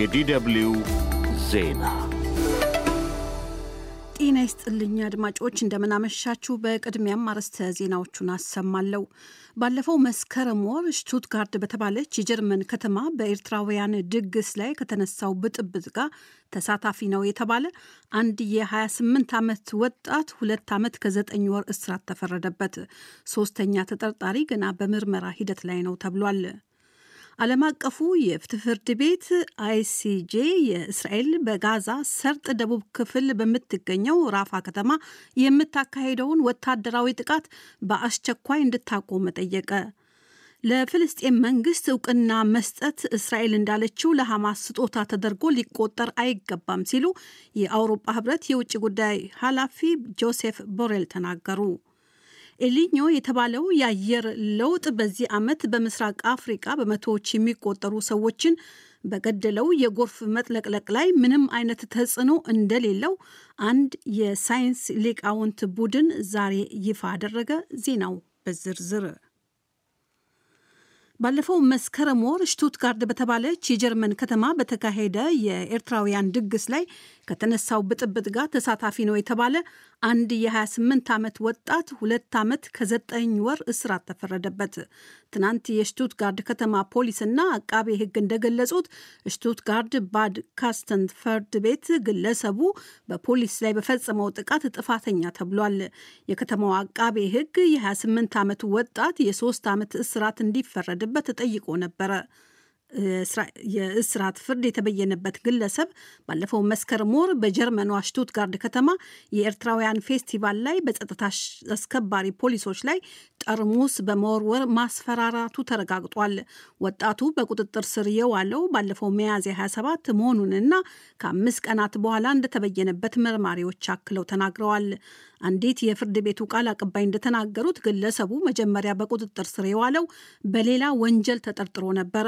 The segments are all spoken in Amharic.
የዲደብሊው ዜና ጤና ይስጥልኝ አድማጮች፣ እንደምናመሻችሁ። በቅድሚያም አርዕስተ ዜናዎቹን አሰማለሁ። ባለፈው መስከረም ወር ሽቱትጋርድ በተባለች የጀርመን ከተማ በኤርትራውያን ድግስ ላይ ከተነሳው ብጥብጥ ጋር ተሳታፊ ነው የተባለ አንድ የ28 ዓመት ወጣት ሁለት ዓመት ከዘጠኝ ወር እስራት ተፈረደበት። ሶስተኛ ተጠርጣሪ ገና በምርመራ ሂደት ላይ ነው ተብሏል። ዓለም አቀፉ የፍትህ ፍርድ ቤት አይሲጄ የእስራኤል በጋዛ ሰርጥ ደቡብ ክፍል በምትገኘው ራፋ ከተማ የምታካሄደውን ወታደራዊ ጥቃት በአስቸኳይ እንድታቆም ጠየቀ። ለፍልስጤም መንግስት እውቅና መስጠት እስራኤል እንዳለችው ለሐማስ ስጦታ ተደርጎ ሊቆጠር አይገባም ሲሉ የአውሮፓ ህብረት የውጭ ጉዳይ ኃላፊ ጆሴፍ ቦሬል ተናገሩ። ኤሊኞ የተባለው የአየር ለውጥ በዚህ ዓመት በምስራቅ አፍሪቃ በመቶዎች የሚቆጠሩ ሰዎችን በገደለው የጎርፍ መጥለቅለቅ ላይ ምንም አይነት ተጽዕኖ እንደሌለው አንድ የሳይንስ ሊቃውንት ቡድን ዛሬ ይፋ አደረገ። ዜናው በዝርዝር ባለፈው መስከረም ወር ሽቱትጋርድ በተባለች የጀርመን ከተማ በተካሄደ የኤርትራውያን ድግስ ላይ ከተነሳው ብጥብጥ ጋር ተሳታፊ ነው የተባለ አንድ የ28 ዓመት ወጣት ሁለት ዓመት ከዘጠኝ ወር እስራት ተፈረደበት። ትናንት የሽቱትጋርድ ከተማ ፖሊስና አቃቤ ሕግ እንደገለጹት ሽቱትጋርድ ባድ ካስተን ፍርድ ቤት ግለሰቡ በፖሊስ ላይ በፈጸመው ጥቃት ጥፋተኛ ተብሏል። የከተማው አቃቤ ሕግ የ28 ዓመቱ ወጣት የሶስት ዓመት እስራት እንዲፈረድበት ጠይቆ ነበረ። የእስራት ፍርድ የተበየነበት ግለሰብ ባለፈው መስከረም ወር በጀርመኗ ሽቱትጋርድ ከተማ የኤርትራውያን ፌስቲቫል ላይ በጸጥታ አስከባሪ ፖሊሶች ላይ ጠርሙስ በመወርወር ማስፈራራቱ ተረጋግጧል። ወጣቱ በቁጥጥር ስር የዋለው ባለፈው ሚያዝያ 27 መሆኑንና ከአምስት ቀናት በኋላ እንደተበየነበት መርማሪዎች አክለው ተናግረዋል። አንዲት የፍርድ ቤቱ ቃል አቀባይ እንደተናገሩት ግለሰቡ መጀመሪያ በቁጥጥር ስር የዋለው በሌላ ወንጀል ተጠርጥሮ ነበረ።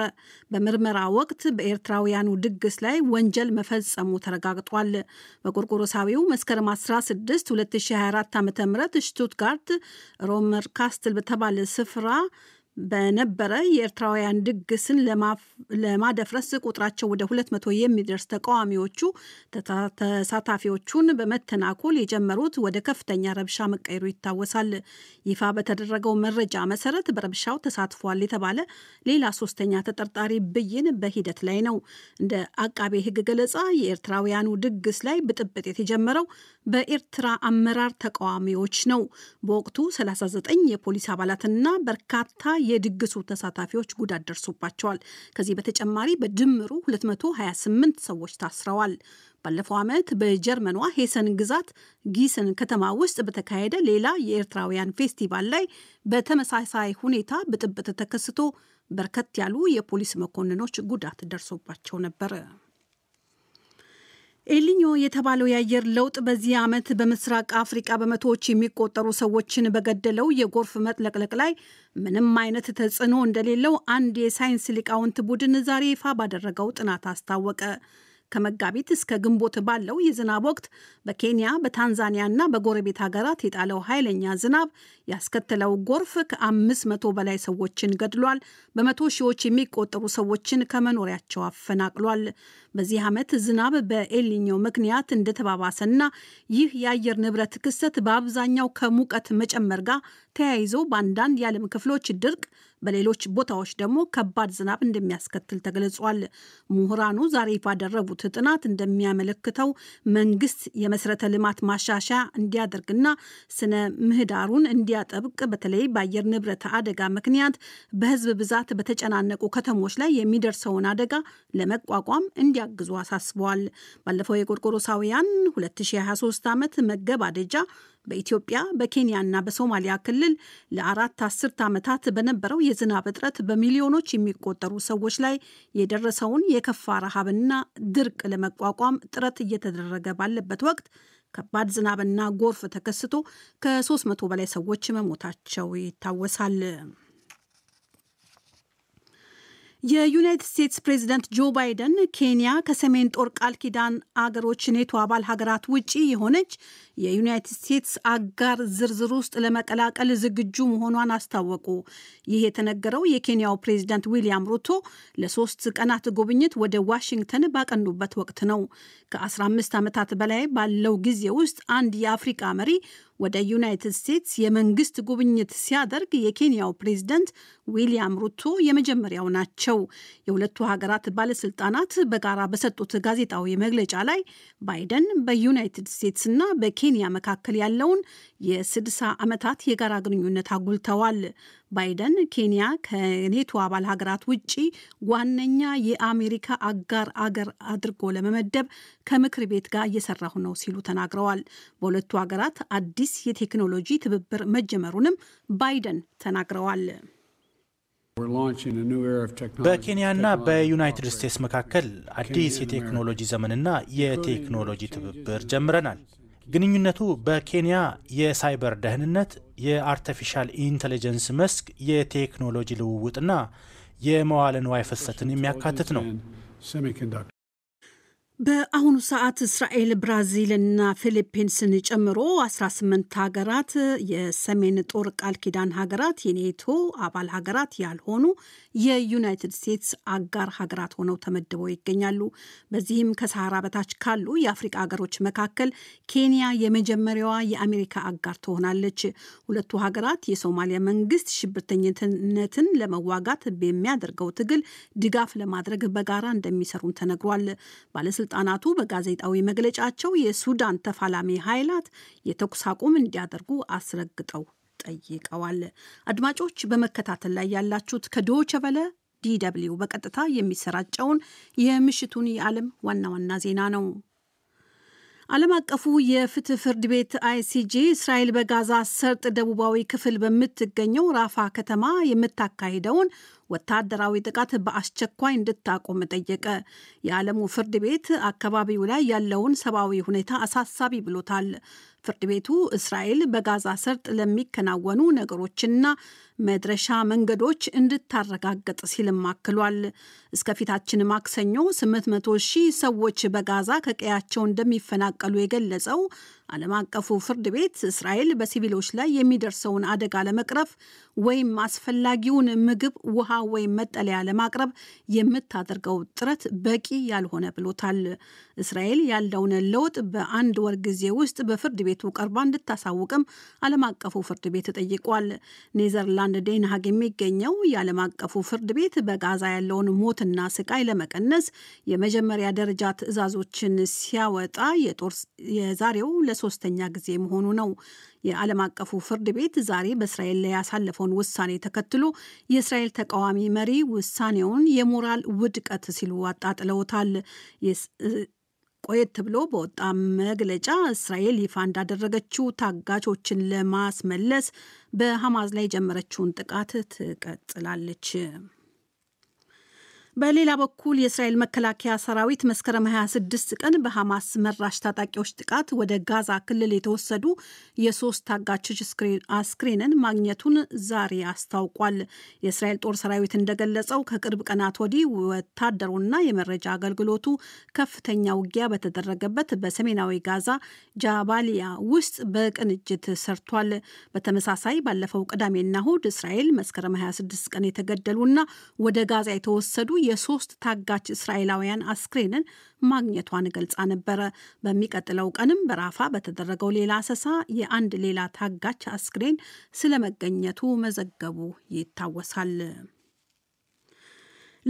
በምርመራ ወቅት በኤርትራውያኑ ድግስ ላይ ወንጀል መፈጸሙ ተረጋግጧል። በቆርቆሮሳዊው መስከረም 16 2024 ዓ ም ሽቱትጋርት ሮመር ካስትል በተባለ ስፍራ በነበረ የኤርትራውያን ድግስን ለማደፍረስ ቁጥራቸው ወደ ሁለት መቶ የሚደርስ ተቃዋሚዎቹ ተሳታፊዎቹን በመተናኮል የጀመሩት ወደ ከፍተኛ ረብሻ መቀየሩ ይታወሳል። ይፋ በተደረገው መረጃ መሰረት በረብሻው ተሳትፏል የተባለ ሌላ ሶስተኛ ተጠርጣሪ ብይን በሂደት ላይ ነው። እንደ አቃቤ ሕግ ገለጻ የኤርትራውያኑ ድግስ ላይ ብጥብጥ የተጀመረው በኤርትራ አመራር ተቃዋሚዎች ነው። በወቅቱ 39 የፖሊስ አባላትና በርካታ የድግሱ ተሳታፊዎች ጉዳት ደርሶባቸዋል። ከዚህ በተጨማሪ በድምሩ 228 ሰዎች ታስረዋል። ባለፈው ዓመት በጀርመኗ ሄሰን ግዛት ጊስን ከተማ ውስጥ በተካሄደ ሌላ የኤርትራውያን ፌስቲቫል ላይ በተመሳሳይ ሁኔታ ብጥብጥ ተከስቶ በርከት ያሉ የፖሊስ መኮንኖች ጉዳት ደርሶባቸው ነበር። ኤልኞ የተባለው የአየር ለውጥ በዚህ ዓመት በምስራቅ አፍሪቃ በመቶዎች የሚቆጠሩ ሰዎችን በገደለው የጎርፍ መጥለቅለቅ ላይ ምንም አይነት ተጽዕኖ እንደሌለው አንድ የሳይንስ ሊቃውንት ቡድን ዛሬ ይፋ ባደረገው ጥናት አስታወቀ። ከመጋቢት እስከ ግንቦት ባለው የዝናብ ወቅት በኬንያ በታንዛኒያና በጎረቤት ሀገራት የጣለው ኃይለኛ ዝናብ ያስከተለው ጎርፍ ከአምስት መቶ በላይ ሰዎችን ገድሏል። በመቶ ሺዎች የሚቆጠሩ ሰዎችን ከመኖሪያቸው አፈናቅሏል። በዚህ ዓመት ዝናብ በኤልኒኞ ምክንያት እንደተባባሰና ይህ የአየር ንብረት ክስተት በአብዛኛው ከሙቀት መጨመር ጋር ተያይዞ በአንዳንድ የዓለም ክፍሎች ድርቅ በሌሎች ቦታዎች ደግሞ ከባድ ዝናብ እንደሚያስከትል ተገልጿል። ምሁራኑ ዛሬ ባደረጉት ጥናት እንደሚያመለክተው መንግስት የመሰረተ ልማት ማሻሻያ እንዲያደርግና ስነ ምህዳሩን እንዲያጠብቅ በተለይ በአየር ንብረት አደጋ ምክንያት በህዝብ ብዛት በተጨናነቁ ከተሞች ላይ የሚደርሰውን አደጋ ለመቋቋም እንዲያግዙ አሳስበዋል። ባለፈው የጎርጎሮሳውያን 2023 ዓመት መገባደጃ በኢትዮጵያ በኬንያና በሶማሊያ ክልል ለአራት አስርት ዓመታት በነበረው የዝናብ እጥረት በሚሊዮኖች የሚቆጠሩ ሰዎች ላይ የደረሰውን የከፋ ረሃብና ድርቅ ለመቋቋም ጥረት እየተደረገ ባለበት ወቅት ከባድ ዝናብና ጎርፍ ተከስቶ ከ300 በላይ ሰዎች መሞታቸው ይታወሳል። የዩናይትድ ስቴትስ ፕሬዚደንት ጆ ባይደን ኬንያ ከሰሜን ጦር ቃል ኪዳን አገሮች ኔቶ አባል ሀገራት ውጪ የሆነች የዩናይትድ ስቴትስ አጋር ዝርዝር ውስጥ ለመቀላቀል ዝግጁ መሆኗን አስታወቁ። ይህ የተነገረው የኬንያው ፕሬዚደንት ዊልያም ሩቶ ለሶስት ቀናት ጉብኝት ወደ ዋሽንግተን ባቀኑበት ወቅት ነው። ከ15 ዓመታት በላይ ባለው ጊዜ ውስጥ አንድ የአፍሪቃ መሪ ወደ ዩናይትድ ስቴትስ የመንግስት ጉብኝት ሲያደርግ የኬንያው ፕሬዝደንት ዊሊያም ሩቶ የመጀመሪያው ናቸው። የሁለቱ ሀገራት ባለስልጣናት በጋራ በሰጡት ጋዜጣዊ መግለጫ ላይ ባይደን በዩናይትድ እና በኬንያ መካከል ያለውን የ60 ዓመታት የጋራ ግንኙነት አጉልተዋል። ባይደን ኬንያ ከኔቶ አባል ሀገራት ውጪ ዋነኛ የአሜሪካ አጋር አገር አድርጎ ለመመደብ ከምክር ቤት ጋር እየሰራሁ ነው ሲሉ ተናግረዋል። በሁለቱ ሀገራት አዲስ የቴክኖሎጂ ትብብር መጀመሩንም ባይደን ተናግረዋል። በኬንያና በዩናይትድ ስቴትስ መካከል አዲስ የቴክኖሎጂ ዘመንና የቴክኖሎጂ ትብብር ጀምረናል። ግንኙነቱ በኬንያ የሳይበር ደህንነት፣ የአርተፊሻል ኢንተለጀንስ መስክ፣ የቴክኖሎጂ ልውውጥና የመዋለ ንዋይ ፍሰትን የሚያካትት ነው። በአሁኑ ሰዓት እስራኤል ብራዚል እና ፊሊፒንስን ጨምሮ 18 ሀገራት የሰሜን ጦር ቃል ኪዳን ሀገራት የኔቶ አባል ሀገራት ያልሆኑ የዩናይትድ ስቴትስ አጋር ሀገራት ሆነው ተመድበው ይገኛሉ። በዚህም ከሰሃራ በታች ካሉ የአፍሪቃ ሀገሮች መካከል ኬንያ የመጀመሪያዋ የአሜሪካ አጋር ትሆናለች። ሁለቱ ሀገራት የሶማሊያ መንግስት ሽብርተኝነትን ለመዋጋት በሚያደርገው ትግል ድጋፍ ለማድረግ በጋራ እንደሚሰሩም ተነግሯል። ባለስልጣናቱ በጋዜጣዊ መግለጫቸው የሱዳን ተፋላሚ ኃይላት የተኩስ አቁም እንዲያደርጉ አስረግጠው ጠይቀዋል። አድማጮች በመከታተል ላይ ያላችሁት ከዶይቼ ቬለ ዲደብሊው በቀጥታ የሚሰራጨውን የምሽቱን የዓለም ዋና ዋና ዜና ነው። ዓለም አቀፉ የፍትህ ፍርድ ቤት አይሲጂ እስራኤል በጋዛ ሰርጥ ደቡባዊ ክፍል በምትገኘው ራፋ ከተማ የምታካሂደውን ወታደራዊ ጥቃት በአስቸኳይ እንድታቆም ጠየቀ። የዓለሙ ፍርድ ቤት አካባቢው ላይ ያለውን ሰብአዊ ሁኔታ አሳሳቢ ብሎታል። ፍርድ ቤቱ እስራኤል በጋዛ ሰርጥ ለሚከናወኑ ነገሮችና መድረሻ መንገዶች እንድታረጋግጥ ሲልም አክሏል። እስከፊታችን ማክሰኞ 800 ሺህ ሰዎች በጋዛ ከቀያቸው እንደሚፈናቀሉ የገለጸው ዓለም አቀፉ ፍርድ ቤት እስራኤል በሲቪሎች ላይ የሚደርሰውን አደጋ ለመቅረፍ ወይም አስፈላጊውን ምግብ፣ ውሃ ወይም መጠለያ ለማቅረብ የምታደርገው ጥረት በቂ ያልሆነ ብሎታል። እስራኤል ያለውን ለውጥ በአንድ ወር ጊዜ ውስጥ በፍርድ ቤቱ ቀርባ እንድታሳውቅም ዓለም አቀፉ ፍርድ ቤት ጠይቋል። ኔዘርላንድ ዴንሃግ የሚገኘው የዓለም አቀፉ ፍርድ ቤት በጋዛ ያለውን ሞትና ስቃይ ለመቀነስ የመጀመሪያ ደረጃ ትዕዛዞችን ሲያወጣ የዛሬው ለሶስተኛ ጊዜ መሆኑ ነው። የዓለም አቀፉ ፍርድ ቤት ዛሬ በእስራኤል ላይ ያሳለፈውን ውሳኔ ተከትሎ የእስራኤል ተቃዋሚ መሪ ውሳኔውን የሞራል ውድቀት ሲሉ አጣጥለውታል። ቆየት ብሎ በወጣ መግለጫ እስራኤል ይፋ እንዳደረገችው ታጋቾችን ለማስመለስ በሐማስ ላይ የጀመረችውን ጥቃት ትቀጥላለች። በሌላ በኩል የእስራኤል መከላከያ ሰራዊት መስከረም 26 ቀን በሐማስ መራሽ ታጣቂዎች ጥቃት ወደ ጋዛ ክልል የተወሰዱ የሶስት ታጋቾች አስክሬንን ማግኘቱን ዛሬ አስታውቋል። የእስራኤል ጦር ሰራዊት እንደገለጸው ከቅርብ ቀናት ወዲህ ወታደሩና የመረጃ አገልግሎቱ ከፍተኛ ውጊያ በተደረገበት በሰሜናዊ ጋዛ ጃባሊያ ውስጥ በቅንጅት ሰርቷል። በተመሳሳይ ባለፈው ቅዳሜና እሁድ እስራኤል መስከረም 26 ቀን የተገደሉና ወደ ጋዛ የተወሰዱ የሶስት ታጋች እስራኤላውያን አስክሬንን ማግኘቷን ገልጻ ነበረ። በሚቀጥለው ቀንም በራፋ በተደረገው ሌላ አሰሳ የአንድ ሌላ ታጋች አስክሬን ስለመገኘቱ መዘገቡ ይታወሳል።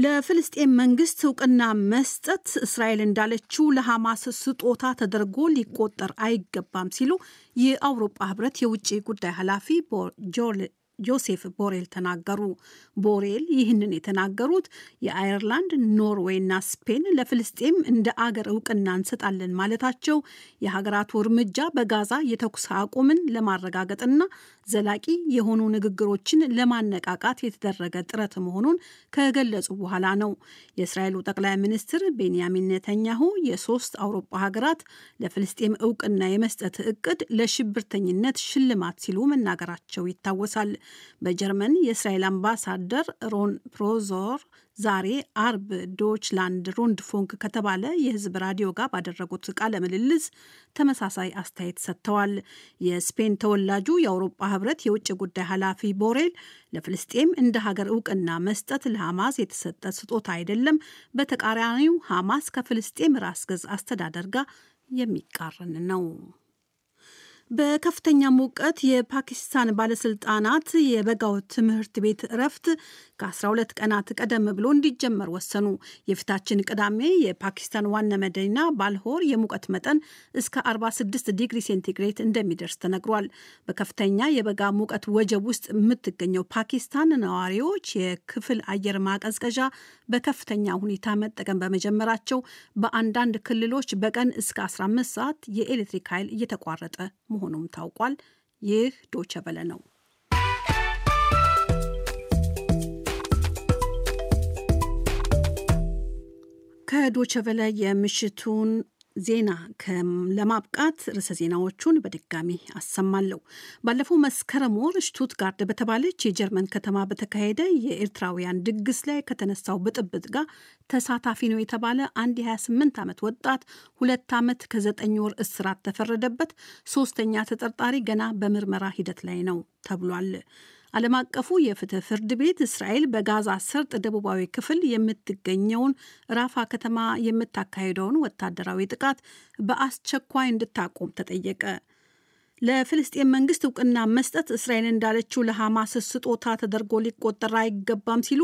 ለፍልስጤም መንግስት እውቅና መስጠት እስራኤል እንዳለችው ለሐማስ ስጦታ ተደርጎ ሊቆጠር አይገባም ሲሉ የአውሮፓ ህብረት የውጭ ጉዳይ ኃላፊ ጆሴፍ ቦሬል ተናገሩ። ቦሬል ይህንን የተናገሩት የአየርላንድ እና ስፔን ለፍልስጤም እንደ አገር እውቅና እንሰጣለን ማለታቸው የሀገራቱ እርምጃ በጋዛ የተኩስ አቁምን ለማረጋገጥና ዘላቂ የሆኑ ንግግሮችን ለማነቃቃት የተደረገ ጥረት መሆኑን ከገለጹ በኋላ ነው። የእስራኤሉ ጠቅላይ ሚኒስትር ቤንያሚን ነተኛሁ የሶስት አውሮፓ ሀገራት ለፍልስጤም እውቅና የመስጠት እቅድ ለሽብርተኝነት ሽልማት ሲሉ መናገራቸው ይታወሳል። በጀርመን የእስራኤል አምባሳደር ሮን ፕሮዞር ዛሬ አርብ ዶችላንድ ሩንድ ፎንክ ከተባለ የህዝብ ራዲዮ ጋር ባደረጉት ቃለ ምልልስ ተመሳሳይ አስተያየት ሰጥተዋል። የስፔን ተወላጁ የአውሮፓ ህብረት የውጭ ጉዳይ ኃላፊ ቦሬል ለፍልስጤም እንደ ሀገር እውቅና መስጠት ለሐማስ የተሰጠ ስጦታ አይደለም፣ በተቃራኒው ሐማስ ከፍልስጤም ራስ ገዝ አስተዳደር ጋር የሚቃረን ነው። በከፍተኛ ሙቀት የፓኪስታን ባለስልጣናት የበጋው ትምህርት ቤት እረፍት ከ12 ቀናት ቀደም ብሎ እንዲጀመር ወሰኑ። የፊታችን ቅዳሜ የፓኪስታን ዋና መዲና ባልሆር የሙቀት መጠን እስከ 46 ዲግሪ ሴንቲግሬት እንደሚደርስ ተነግሯል። በከፍተኛ የበጋ ሙቀት ወጀብ ውስጥ የምትገኘው ፓኪስታን ነዋሪዎች የክፍል አየር ማቀዝቀዣ በከፍተኛ ሁኔታ መጠቀም በመጀመራቸው በአንዳንድ ክልሎች በቀን እስከ 15 ሰዓት የኤሌክትሪክ ኃይል እየተቋረጠ መሆኑም ታውቋል። ይህ ዶቸበለ በለ ነው። ከዶቸቨለ የምሽቱን ዜና ለማብቃት ርዕሰ ዜናዎቹን በድጋሚ አሰማለሁ። ባለፈው መስከረም ወር ሽቱትጋርድ በተባለች የጀርመን ከተማ በተካሄደ የኤርትራውያን ድግስ ላይ ከተነሳው ብጥብጥ ጋር ተሳታፊ ነው የተባለ አንድ የ28 ዓመት ወጣት ሁለት ዓመት ከዘጠኝ ወር እስራት ተፈረደበት። ሶስተኛ ተጠርጣሪ ገና በምርመራ ሂደት ላይ ነው ተብሏል። ዓለም አቀፉ የፍትህ ፍርድ ቤት እስራኤል በጋዛ ሰርጥ ደቡባዊ ክፍል የምትገኘውን ራፋ ከተማ የምታካሄደውን ወታደራዊ ጥቃት በአስቸኳይ እንድታቆም ተጠየቀ። ለፍልስጤን መንግስት እውቅና መስጠት እስራኤል እንዳለችው ለሐማስ ስጦታ ተደርጎ ሊቆጠር አይገባም ሲሉ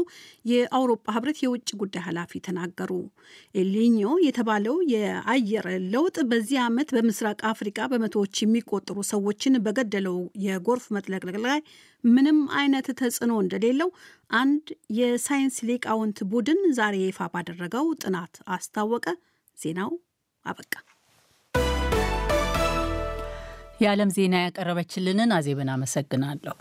የአውሮፓ ህብረት የውጭ ጉዳይ ኃላፊ ተናገሩ። ኤልኒኞ የተባለው የአየር ለውጥ በዚህ ዓመት በምስራቅ አፍሪካ በመቶዎች የሚቆጠሩ ሰዎችን በገደለው የጎርፍ መጥለቅለቅ ላይ ምንም አይነት ተጽዕኖ እንደሌለው አንድ የሳይንስ ሊቃውንት ቡድን ዛሬ ይፋ ባደረገው ጥናት አስታወቀ። ዜናው አበቃ። የዓለም ዜና ያቀረበችልንን አዜብን አመሰግናለሁ።